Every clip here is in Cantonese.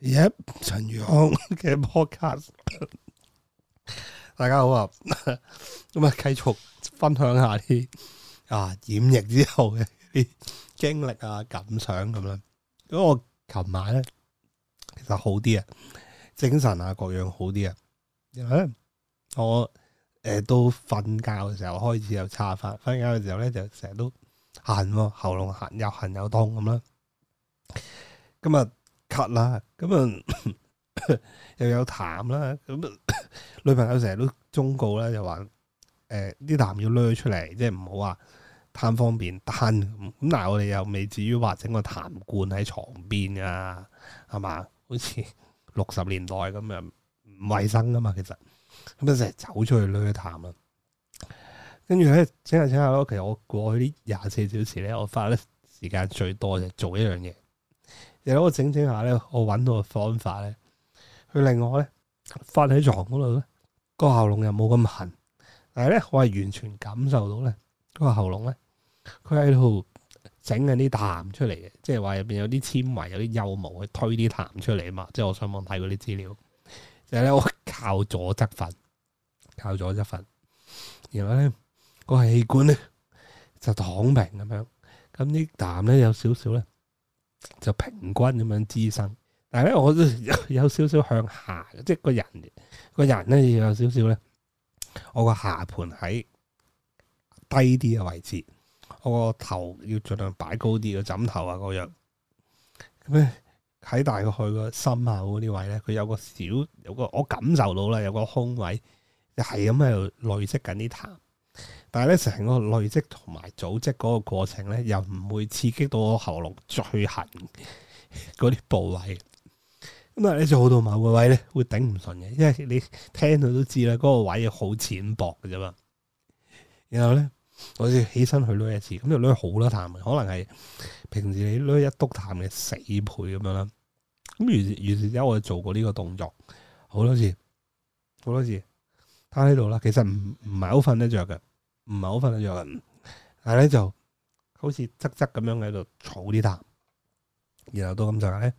一陳宇康嘅 podcast， 大家好啊，咁啊，繼續分享下啲啊染疫之後嘅啲經歷啊感想咁啦。咁我琴晚咧，其實好啲啊，精神啊各樣好啲啊。然後咧我誒到瞓覺嘅時候開始又差翻，瞓覺嘅時候咧就成日都痕喉嚨痕又痕又痛咁啦。今日。咳啦，咁啊又有痰啦，咁女朋友成日都忠告啦，就話誒啲痰要甩出嚟，即係唔好話貪方便攤。咁但係，我哋又未至於話整個痰罐喺床邊啊，係嘛？好似六十年代咁啊，唔衛生噶嘛。其實咁就成日走出去甩痰啊。跟住咧，請下請下咯。其實我過去呢廿四小時咧，我花咧時間最多就做一樣嘢。我整整下咧，我揾到個方法咧，佢令我咧瞓喺床嗰度咧，個喉嚨又冇咁痕，但係咧我係完全感受到咧個喉嚨咧，佢喺度整緊啲痰出嚟嘅，即係話入邊有啲纖維有啲幼毛去推啲痰出嚟啊嘛，即係我上網睇過啲資料，就係咧我靠左側瞓，靠左側瞓，然後咧個器官咧就躺平咁樣，咁呢痰咧有少少咧。就平均咁樣滋生，但係咧，我都有有少少向下嘅，即係個人，個人咧有少少咧，我個下盤喺低啲嘅位置，我個頭要盡量擺高啲嘅枕頭啊各樣，咁咧喺大概佢個心口嗰啲位咧，佢有個小有個我感受到啦，有個空位，就係咁喺度累積緊啲痰。但係咧，成個累積同埋組織嗰個過程咧，又唔會刺激到我喉嚨最痕嗰啲部位。咁啊，你做到某個位咧，會頂唔順嘅，因為你聽到都知啦，嗰個位好淺薄嘅啫嘛。然後咧，我要起身去捋一次，咁就捋好多痰可能係平時你捋一督痰嘅四倍咁樣啦。咁於是於是之後，我做過呢個動作好多次，好多次。趴喺度啦，其實唔唔係好瞓得着嘅，唔係好瞓得着嘅，但係咧就好似側側咁樣喺度儲啲啖，然後到咁上下咧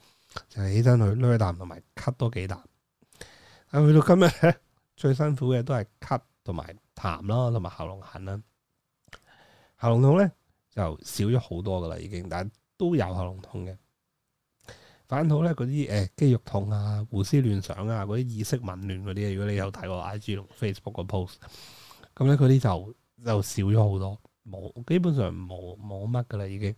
就起身去唞一啖同埋咳多幾啖，啊去到今日咧最辛苦嘅都係咳同埋痰啦，同埋喉嚨痕啦，喉嚨痛咧就少咗好多噶啦，已經但都有喉嚨痛嘅。反好咧，嗰啲誒肌肉痛啊、胡思亂想啊、嗰啲意識紊亂嗰啲，如果你有睇過 IG 同 Facebook 個 post，咁咧佢啲就就少咗好多，冇基本上冇冇乜噶啦已經。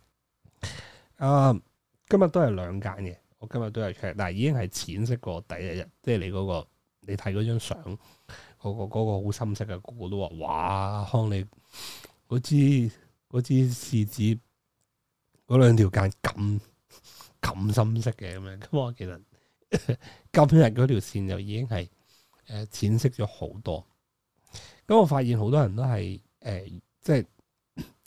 啊、嗯，今日都係兩間嘅，我今日都係 check，但係已經係淺色過第一日，即係你嗰、嗰個你睇嗰張相，嗰、嗰個好、嗰個、深色嘅個個都話：，哇，康你嗰支嗰支試紙嗰兩條間咁。咁深色嘅咁樣，咁我其實今日嗰條線就已經係誒淺色咗好多。咁我發現好多人都係誒、呃，即係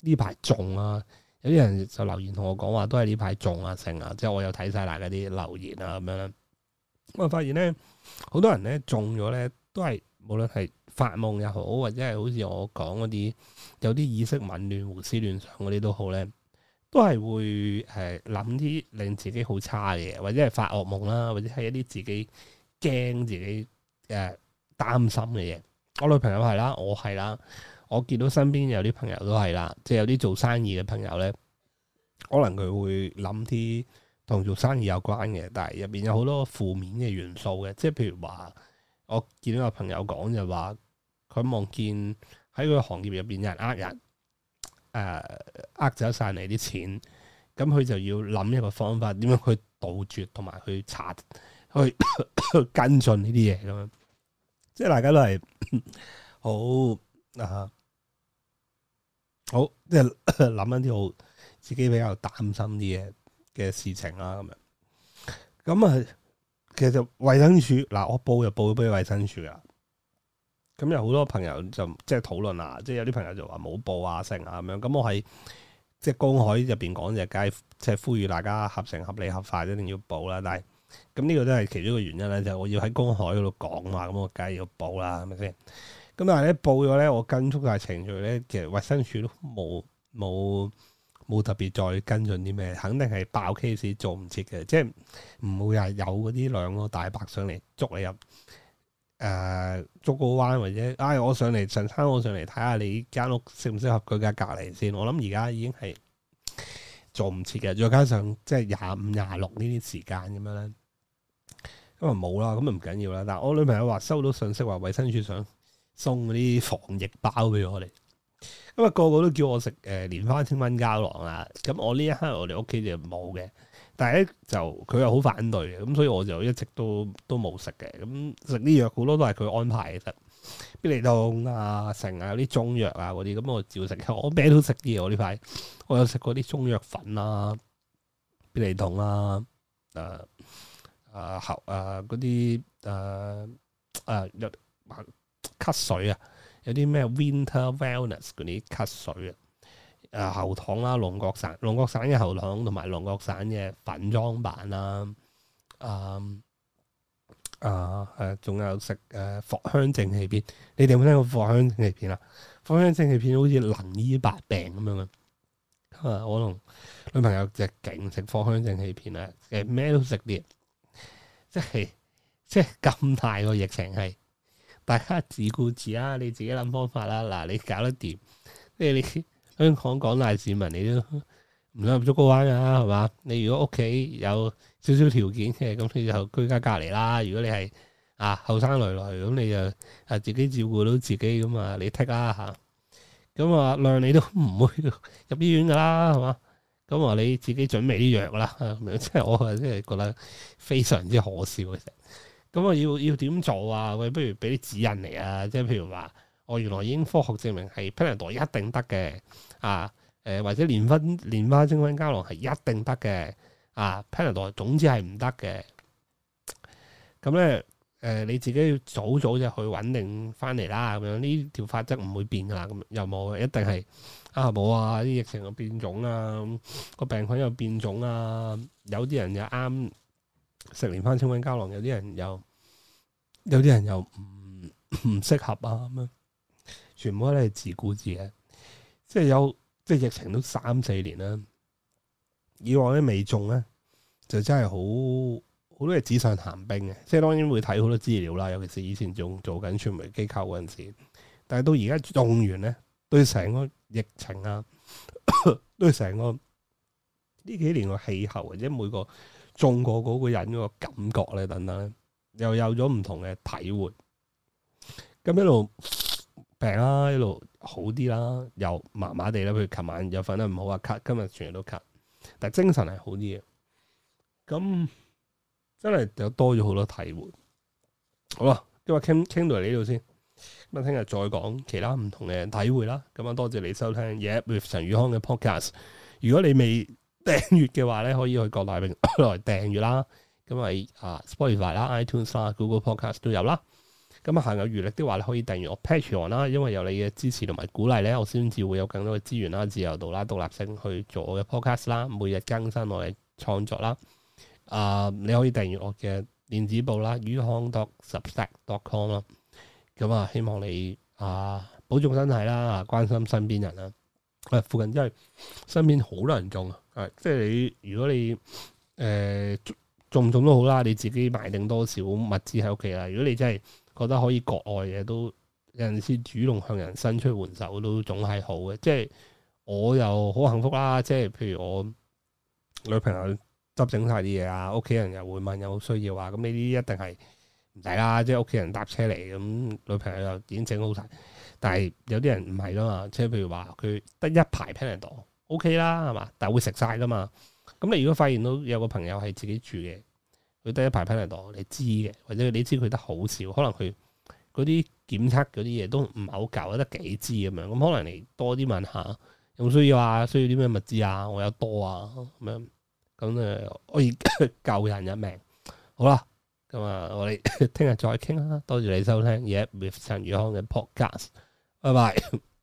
呢排中啊，有啲人就留言同我講話都係呢排中啊，成啊，即係我有睇晒嗱嗰啲留言啊，咁樣咧。我發現咧，好多人咧中咗咧，都係無論係發夢又好，或者係好似我講嗰啲有啲意識紊亂、胡思亂想嗰啲都好咧。都係會係諗啲令自己好差嘅嘢，或者係發噩夢啦，或者係一啲自己驚自己誒擔心嘅嘢。我女朋友係啦，我係啦，我見到身邊有啲朋友都係啦，即係有啲做生意嘅朋友咧，可能佢會諗啲同做生意有關嘅，但係入邊有好多負面嘅元素嘅。即係譬如話，我見到個朋友講就話，佢望見喺佢行業入邊有人呃人。誒，呃、啊、走晒你啲錢，咁佢就要諗一個方法，點樣去杜絕同埋去查去 跟進呢啲嘢咁樣，即係大家都係好啊，好即係諗一啲好自己比較擔心啲嘢嘅事情啦，咁樣，咁啊，其實衛生署嗱，我報就報咗俾衛生署啦。咁有好多朋友就即係討論啊，即係有啲朋友就話冇報啊，剩啊咁樣。咁我喺即係公海入邊講嘢，梗係即係呼籲大家合情合理合法，一定要報啦。但係咁呢個都係其中一個原因咧，就係，我要喺公海嗰度講嘛，咁我梗係要報啦，係咪先？咁但係咧報咗咧，我跟足晒程序咧，其實衛生署都冇冇冇特別再跟進啲咩，肯定係爆 case 做唔切嘅，即係唔會係有嗰啲兩個大白上嚟捉你入。誒，轉個彎或者，哎，我上嚟陳餐，我上嚟睇下你間屋適唔適合佢嘅隔離先。我諗而家已經係做唔切嘅，再加上即係廿五廿六呢啲時間咁樣咧，咁咪冇啦，咁就唔緊要啦。但係我女朋友話收到信息，話衛生署想送嗰啲防疫包俾我哋，因為個個都叫我食誒連花清瘟膠囊啊。咁我呢一刻我哋屋企就冇嘅。但係咧就佢又好反對嘅，咁所以我就一直都都冇食嘅。咁食啲藥好多都係佢安排嘅，得必理痛啊、成啊、有啲中藥啊嗰啲。咁我照食，我咩都食啲嘅。我呢排我有食嗰啲中藥粉啊，必理痛啊，誒啊，喉誒嗰啲誒誒藥咳水啊，有啲咩 Winter Wellness 嗰啲咳水啊。誒喉糖啦，龍角散，龍角散嘅喉糖同埋龍角散嘅粉裝版啦，啊，誒誒誒，仲，啊啊，有食誒藿，啊、香正氣片，你哋有冇聽過藿香，香，啊、香正氣片啊？藿香正氣片好似能醫百病咁樣啊！我同女朋友就勁食藿香正氣片啊，誒咩都食啲，即係即係咁大個疫情係，大家自顧自啦，啊，你自己諗方法，啊，啦，嗱你搞得掂，即係你。香港廣大市民你都唔想入竹篙灣噶啦，係嘛？你如果屋企有少少條件嘅，咁你就居家隔離啦。如果你係啊後生女女，咁你就啊自己照顧到自己咁啊，你踢啦嚇。咁啊，量你都唔會入醫院噶啦，係嘛？咁啊，你自己準備啲藥啦。咁樣即係我係真係覺得非常之可笑嘅啫。咁啊，要要點做啊？喂，不如俾啲指引嚟啊！即係譬如話。我原來已經科學證明係 Panadol 一定得嘅，啊，誒、呃、或者連花連花清瘟膠囊係一定得嘅，啊 Panadol 總之係唔得嘅。咁咧，誒你自己要早早就去揾定翻嚟啦，咁樣呢條法則唔會變噶，咁又冇一定係啊冇啊啲疫情又變種啊，個病菌又變種啊，有啲人又啱食連花清瘟膠囊，有啲人又有啲人又唔唔適合啊咁樣。全部都係自顧自嘅，即係有即係疫情都三四年啦。以往咧未中咧，就真係好好多係紙上談兵嘅。即係當然會睇好多資料啦，尤其是以前仲做緊傳媒機構嗰陣時。但係到而家中完咧，對成個疫情啊， 對成個呢幾年嘅氣候，或者每個中過嗰個人個感覺咧，等等咧，又有咗唔同嘅體會。咁一路。病啦、啊，一路好啲啦，又麻麻地啦。譬如琴晚又瞓得唔好啊，cut。今日全日都 cut，但係精神係好啲嘅。咁真係有多咗好多體會。好啦，今日傾傾到嚟呢度先。咁啊，聽日再講其他唔同嘅體會啦。咁啊，多謝你收聽嘢，yeah, with 陳宇康嘅 podcast。如果你未訂閱嘅話咧，可以去各大平台 訂閱啦。咁咪啊，Spotify 啦、iTunes 啦、Google Podcast 都有啦。咁啊，行有餘力的話，你可以訂閱我 Patreon 啦，因為有你嘅支持同埋鼓勵咧，我先至會有更多嘅資源啦，自由度啦，獨立性去做我嘅 podcast 啦，每日更新我嘅創作啦。啊、呃，你可以訂閱我嘅電子報啦，於康 dot substack dot com 咯。咁啊，希望你啊、呃、保重身體啦，啊關心身邊人啦。誒、呃，附近真係身邊好多人中啊、呃，即係你如果你誒中唔中都好啦，你自己買定多少物資喺屋企啊。如果你真係，覺得可以割愛嘅嘢都有人先主動向人伸出援手都總係好嘅，即係我又好幸福啦！即係譬如我女朋友執整晒啲嘢啊，屋企人又會問有冇需要啊，咁呢啲一定係唔使啦！即係屋企人搭車嚟咁、嗯，女朋友又已經整好晒。但係有啲人唔係噶嘛，即係譬如話佢得一排 Panadol，OK 啦係嘛，但係會食晒噶嘛，咁你如果你發現到有個朋友係自己住嘅。佢第一排批嚟到，你知嘅，或者你知佢得好少，可能佢嗰啲檢測嗰啲嘢都唔係好夠，得幾支咁樣，咁可能你多啲問下，有冇需要啊？需要啲咩物資啊？我有多啊，咁樣，咁誒、呃、可以 救人一命。好啦，咁啊，我哋聽日再傾啦。多謝你收聽，Yes with 陳宇康嘅 Podcast。Yeah, oh、Pod cast, 拜拜。